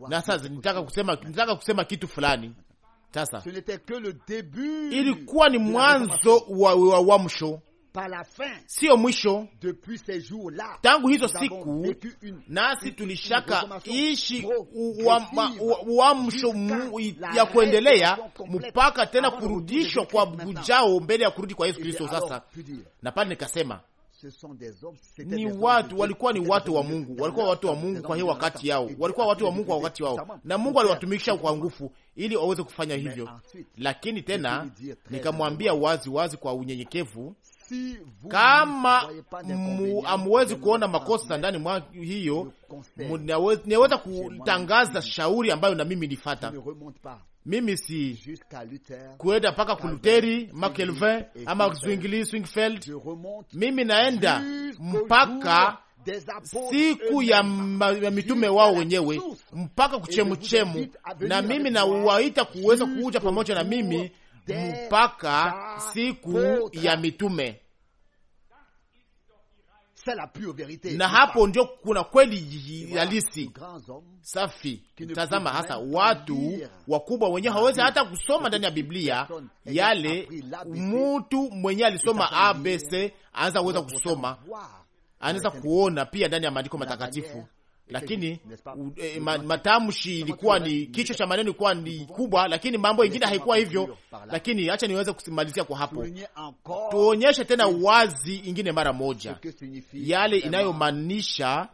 na sasa, nitaka kusema, nitaka kusema kitu fulani sasa ilikuwa ni mwanzo wa uamsho, siyo mwisho. Tangu hizo siku nasi tulishaka ishi uamsho ya kuendelea mpaka tena kurudishwa kwa gujao mbele ya kurudi kwa Yesu Kristo. Sasa na pale nikasema ni watu walikuwa ni watu wa Mungu, walikuwa watu wa Mungu kwa hiyo wakati yao, walikuwa watu wa Mungu kwa wakati wao, na Mungu aliwatumikisha kwa nguvu ili waweze kufanya hivyo. Lakini tena nikamwambia wazi wazi kwa unyenyekevu kama hamuwezi ah, kuona makosa ndani mwa hiyo, niweza kutangaza shauri ambayo na mimi nifata mimi si kuenda mpaka kuluteri makelvin ama Zwingli Swingfeld, mimi naenda mpaka siku ya mitume wao wenyewe mpaka kuchemuchemu, na mimi nawaita kuweza kuja pamoja na mimi mpaka siku ya mitume, na hapo ndio kuna kweli halisi safi. Tazama hasa watu wakubwa wenye hawezi hata kusoma ndani ya Biblia yale mutu mwenye alisoma ABC, anaweza kuweza kusoma, anaweza kuona pia ndani ya maandiko matakatifu lakini e, matamshi ilikuwa ni kichwa cha maneno ilikuwa ni kubwa, lakini mambo ingine haikuwa hivyo. Lakini acha niweze kumalizia kwa hapo, tuonyeshe tena wazi ingine mara moja yale inayomaanisha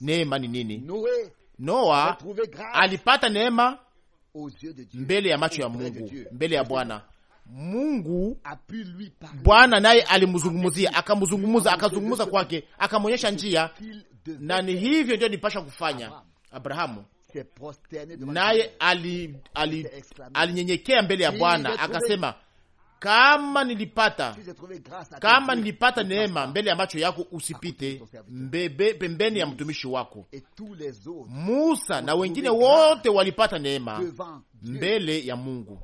neema ni nini. Noa alipata neema mbele ya macho ya Mungu, mbele ya Bwana Mungu Bwana naye alimzungumzia, akamzungumza, akazungumza kwake, akamwonyesha njia na ni hivyo ndio nipasha kufanya Abrahamu naye alinyenyekea ali, mbele ya Bwana akasema, kama nilipata kama nilipata neema mbele ya macho yako, usipite mbebe, pembeni ya mtumishi wako Musa na wengine wote walipata neema mbele ya Mungu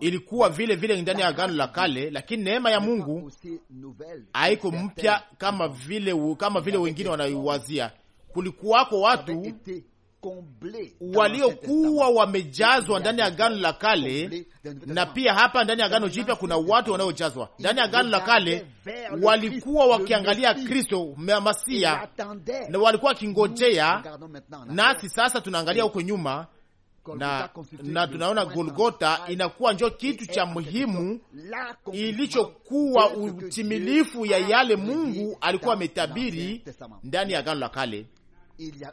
ilikuwa vile vile ndani ya agano la kale, lakini neema ya Mungu haiko mpya kama vile kama vile wengine wanaiwazia. Kulikuwako watu waliokuwa wamejazwa ndani ya agano la kale, na pia hapa ndani ya agano jipya kuna watu wanaojazwa ndani ya agano la kale. Walikuwa wakiangalia Kristo Masia na walikuwa wakingojea, nasi sasa tunaangalia huko nyuma na, na tunaona Golgota inakuwa njo kitu cha muhimu ilichokuwa utimilifu ya yale Mungu alikuwa ametabiri ndani ya Agano la Kale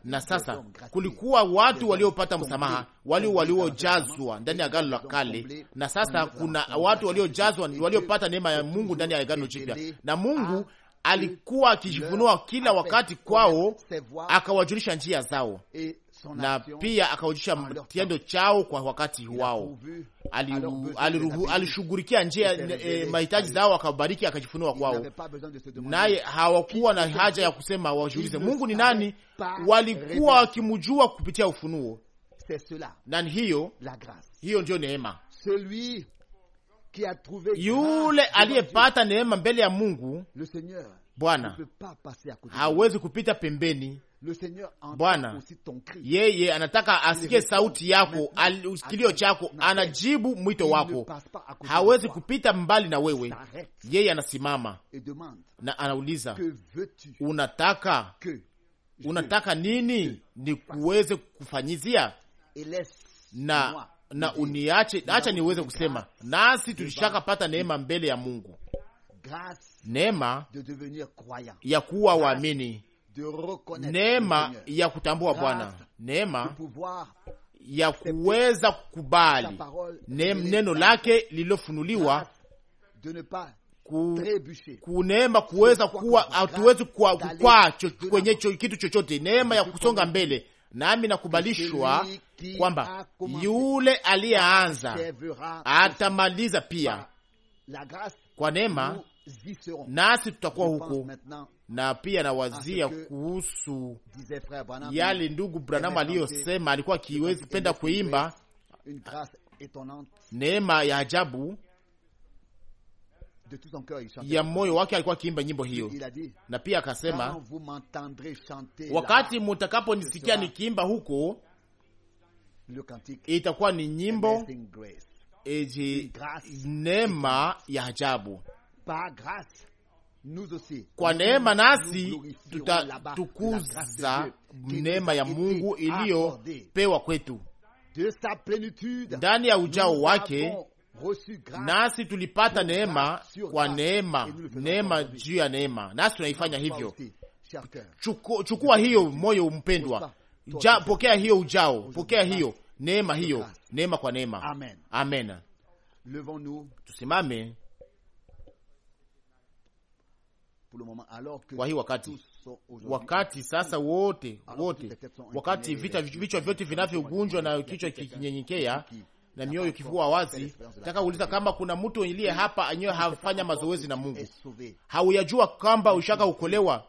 na sasa kulikuwa watu waliopata msamaha wali waliojazwa ndani ya agano la kale, na sasa kuna watu waliojazwa waliopata neema ya Mungu ndani ya agano jipya, na Mungu alikuwa akijifunua kila wakati kwao, akawajulisha njia zao na pia akawajulisha mtiendo chao kwa wakati wao. Alishughulikia njia eh, mahitaji zao, akabariki, akajifunua kwao, naye hawakuwa na haja ya kusema wajiulize Mungu ni nani. Walikuwa wakimjua kupitia ufunuo, na hiyo hiyo ndio neema yule aliyepata neema mbele ya Mungu Bwana hawezi kupita pembeni. Bwana yeye anataka asikie sauti yako, kilio chako, anajibu mwito wako, hawezi kupita mbali na wewe. Yeye anasimama na anauliza, unataka unataka nini ni kuweze kufanyizia na na uniache, acha niweze kusema nasi tulishakapata neema mbele ya Mungu, neema ya kuwa waamini, neema ya kutambua Bwana, neema ya kuweza kukubali neno lake lililofunuliwa kuneema kuweza kuwa hatuwezi kukwaa kwenye cho, kitu chochote, neema ya kusonga mbele. Nami nakubalishwa kwamba yule aliyeanza atamaliza pia kwa neema, nasi tutakuwa huko. Na pia nawazia kuhusu yale ndugu eh, Branamu aliyosema, alikuwa akiwezi penda kuimba neema ya ajabu ya moyo wake alikuwa akiimba nyimbo hiyo, na pia akasema, wakati mutakaponisikia nikiimba huko itakuwa ni nyimbo eji neema ya ajabu. Kwa neema nasi tutatukuza neema ya Mungu iliyopewa kwetu ndani ya ujao wake nasi tulipata neema kwa neema, neema juu ya neema, nasi tunaifanya hivyo. Chukua hiyo moyo mpendwa, ja, pokea hiyo ujao, pokea hiyo neema, hiyo neema kwa neema. Amen, amen. Tusimame kwa hii wakati, wakati sasa wote wote, wakati vita vichwa vyote vinavyogunjwa na kichwa kikinyenyekea na mioyo kivua wazi. Nataka kuuliza kama kuna mtu iliye hapa anyewe hafanya mazoezi na Mungu, hauyajua kwamba ushaka ukolewa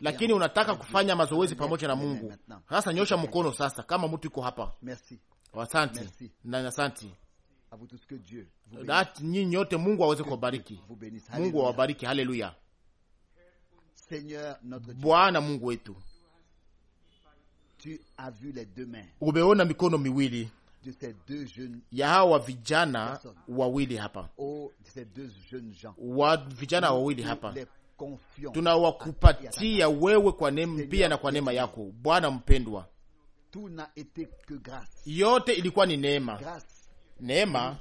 lakini unataka kufanya mazoezi pamoja na Mungu. Sasa nyosha mkono sasa, kama mtu iko hapa. Asante na asante nyinyi nyote. Mungu aweze kuwabariki, Mungu awabariki. Haleluya. Bwana Mungu wetu, umeona mikono miwili ya hawa vijana wawili hapa, oh, wa vijana wawili hapa tunawakupatia wewe kwa neema pia na kwa neema yako Bwana mpendwa. Yote ilikuwa ni neema, neema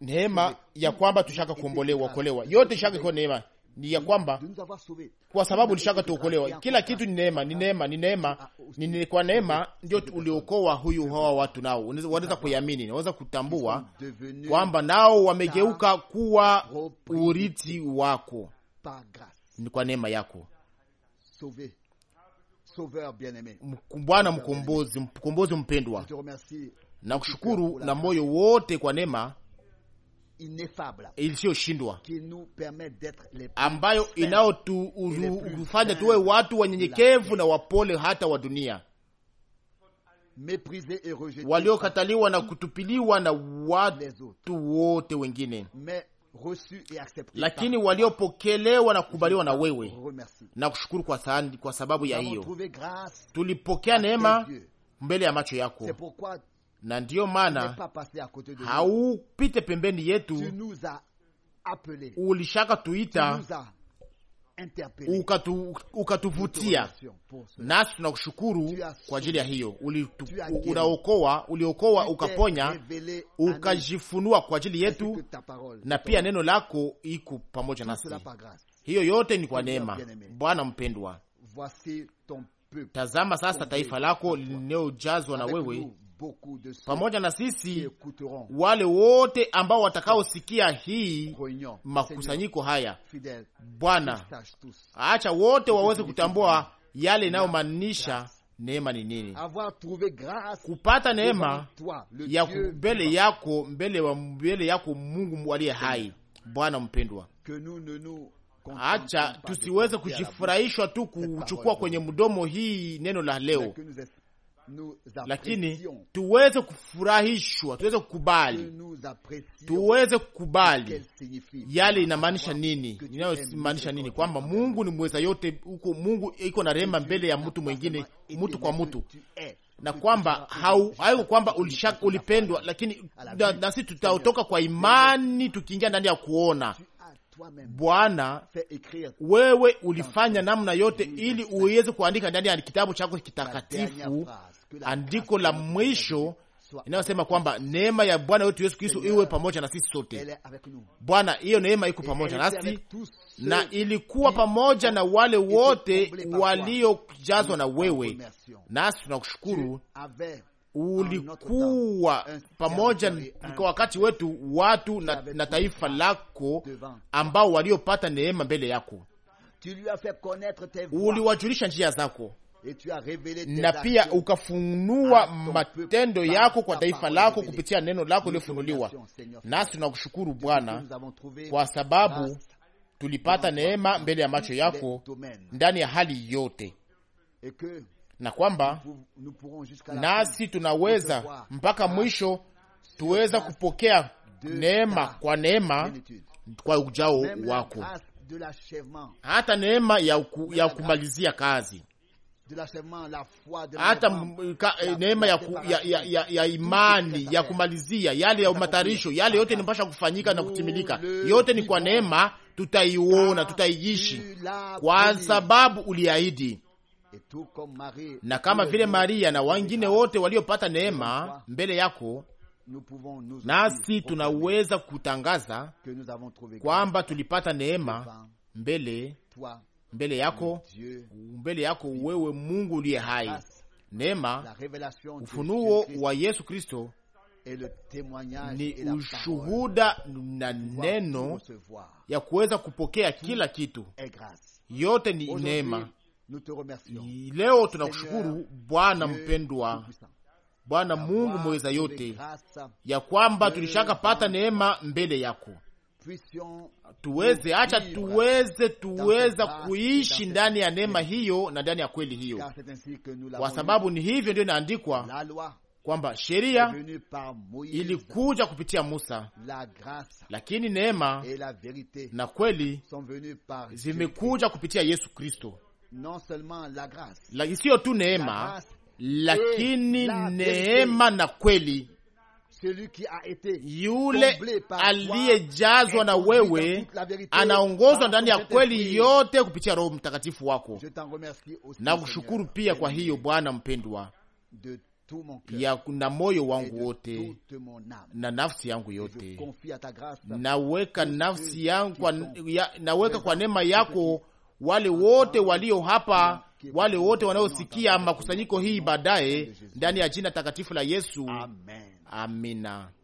neema ya kwamba tushaka kuombolewa, kolewa, yote shaka iko neema ni ya kwamba kwa sababu ulishaka tuokolewa. Kila kitu ni neema, ni neema, ni neema, ni kwa neema ndio uliokoa huyu hawa watu, nao wanaweza kuiamini, naweza kutambua kwamba nao wamegeuka kuwa urithi wako, ni kwa neema yako Bwana mkombozi, mkombozi mpendwa, na kushukuru na moyo wote kwa neema iliyoshindwa ambayo inayotufanya tuwe watu wanyenyekevu na wapole hata wa dunia waliokataliwa na kutupiliwa na watu wote wengine, lakini waliopokelewa na kukubaliwa na wewe na kushukuru kwa, kwa sababu ya hiyo tulipokea neema mbele ya macho yako na ndiyo maana haupite pembeni yetu. Ulishaka tuita ukatuvutia, nasi tunakushukuru kwa ajili ya hiyo. Unaokoa, uliokoa, ukaponya, ukajifunua kwa ajili yetu, na pia neno lako iko pamoja nasi. Hiyo yote ni kwa neema. Bwana mpendwa, tazama sasa taifa lako linayojazwa na wewe pamoja na sisi wale wote ambao watakaosikia hii makusanyiko haya. Bwana, acha wote waweze kutambua yale inayomaanisha neema ni nini, kupata neema ya mbele yako, mbele wa mbele yako Mungu aliye hai. Bwana mpendwa, acha tusiweze kujifurahishwa tu kuchukua kwenye mdomo hii neno la leo, lakini tuweze kufurahishwa, tuweze kukubali, tuweze kukubali yale inamaanisha nini, inayomaanisha nini, kwamba Mungu ni mweza yote huko, Mungu iko na rehema mbele ya mtu mwengine, mtu kwa mtu, na kwamba haiko kwamba ulipendwa, lakini nasi tutatoka kwa imani tukiingia ndani ya kuona Bwana, wewe ulifanya namna yote ili uweze kuandika ndani ya kitabu chako kitakatifu andiko la mwisho inayosema kwamba neema ya Bwana wetu Yesu Kristo iwe pamoja na sisi sote. Bwana, hiyo neema iko pamoja nasi na ilikuwa pamoja na wale wote waliojazwa na wewe, nasi tunakushukuru. Ulikuwa pamoja kwa wakati wetu watu na, na taifa lako ambao waliopata neema mbele yako, uliwajulisha njia zako na pia ukafunua ah, matendo yako kwa taifa lako kupitia neno lako iliyofunuliwa. Nasi tunakushukuru Bwana kwa sababu tulipata neema mbele ya macho yako ndani ya hali yote, na kwamba nasi tunaweza mpaka mwisho tuweza kupokea neema kwa neema kwa ujao wako, hata neema ya, uku, ya kumalizia kazi hata neema ya, ku, ya, ya, ya, ya imani ya kumalizia yale ya matarisho yale yote nipasha kufanyika na kutimilika. Yote ni kwa neema, tutaiona tutaiishi kwa sababu uliahidi. Na kama vile Maria na wengine wote waliopata neema mbele yako, nasi tunaweza kutangaza kwamba tulipata neema mbele mbele yako, mbele yako wewe Mungu uliye hai. Neema, ufunuo wa Yesu Kristo ni ushuhuda na neno ya kuweza kupokea kila kitu, yote ni neema. Leo tunakushukuru Bwana mpendwa, Bwana Mungu mweza yote, ya kwamba tulishaka pata neema mbele yako tuweze acha tuweze tuweza kuishi ndani ya neema hiyo na ndani ya kweli hiyo, kwa sababu ni hivyo ndio inaandikwa kwamba sheria ilikuja kupitia Musa, lakini neema na kweli zimekuja kupitia Yesu Kristo. Isiyo tu neema, lakini neema na kweli yule aliyejazwa na wewe anaongozwa ndani ya kweli yote kupitia Roho Mtakatifu wako. Na kushukuru pia kwa hiyo Bwana mpendwa ya na moyo wangu wote na nafsi yangu yote naweka nafsi yangu ya, naweka kwa neema yako wale wote walio hapa, wale wote wanaosikia makusanyiko hii baadaye, ndani ya jina takatifu la Yesu. Amen. Amina.